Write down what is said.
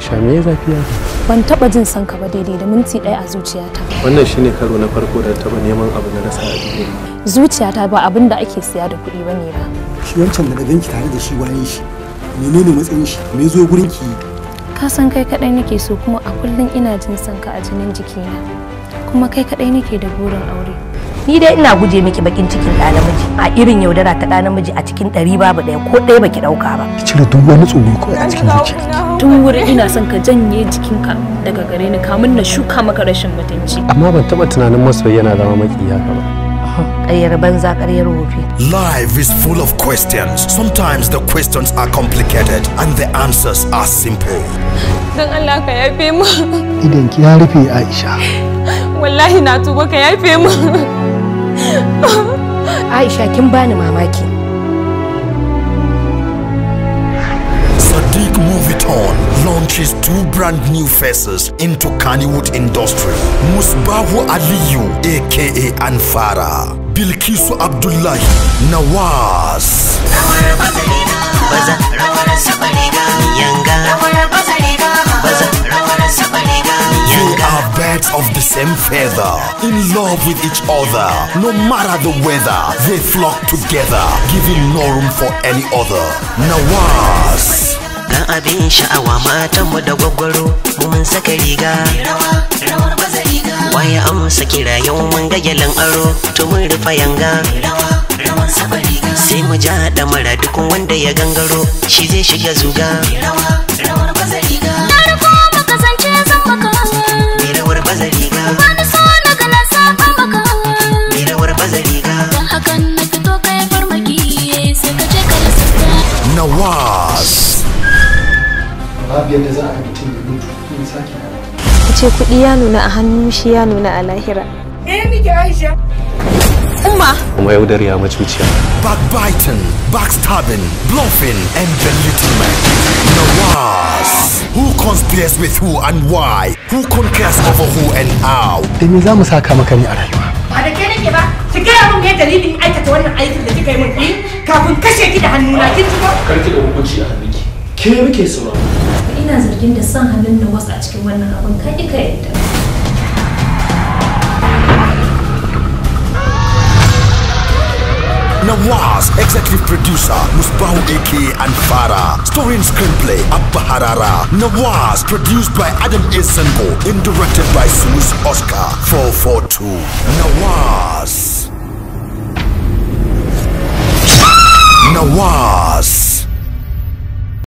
Aisha me ya zafi Ban taba jin son ka ba daidai da minti ɗaya a zuciyata. Wannan shine karo na farko da taba neman abu na rasa a duniya. Zuciyata ba abin da ake siya da kuɗi bane ba. Shi wancan da ganki tare da shi waye shi? Menene matsayin shi? Me zo gurin ki? Ka san kai kaɗai nake so kuma a kullum ina jin sanka a jinin jikina. Kuma kai kaɗai nake da burin aure. ni dai ina guje miki bakin cikin ɗa namiji a irin yaudara ta ɗa namiji a cikin ɗari babu ɗaya ko ɗaya baki ɗauka ba ki cire duk wani tsoro ko a cikin zuci tun wurin ina son ka janye jikinka daga gare ni kamun na shuka maka rashin mutunci amma ban taɓa tunanin masoyi yana zama maki haka ba ƙaryar banza ƙaryar wofi. Life is full of questions. Sometimes the questions are complicated and the answers are simple. Don Allah ka yafe mu. Idan ki ya rufe Aisha. Wallahi na tuba ka yafe mu. Aisha kin bani mamaki. Sadiq Moviton It On launches two brand new faces into Kannywood industry. Musbahu Aliyu aka Anfara. Bilkisu Abdullahi Nawaz. together, in love with each other. No matter the weather, they flock together, giving no room for any other. Nawaz. Na abin sha'awa matan mu da gwagwaro mun saka riga. Waya amsa kira yau mun ga yalan aro to mun rufa yanga. Sai mu ja da mara duk wanda ya gangaro shi zai shiga zuga. Rawa, Rawar babu yadda za a yi mutum ya mutu in sake ka ce kuɗi ya nuna a hannun shi ya nuna a lahira eh nike aisha Uma. Kuma yaudar ya macuciya. Backbiting, backstabbing, bluffing and belittlement. Nawaz. Who conspires with who and why? Who conquers over who and how? Da me za mu saka maka ne a rayuwa? Ba da kai nake ba, ki gaya min me dalilin aikata wannan aikin da kika yi min kafin kashe ki da hannuna kin ji ba? Karki da hukunci a hannunki. Ke muke sauraro. ina zargin da hannun wasu a cikin wannan abin ka yadda Nawaz, executive producer, Musbahu AK and Farah. Story and screenplay, Abba Harara. Nawaz, produced by Adam Isenbo and directed by Sus Oscar 442. Nawaz.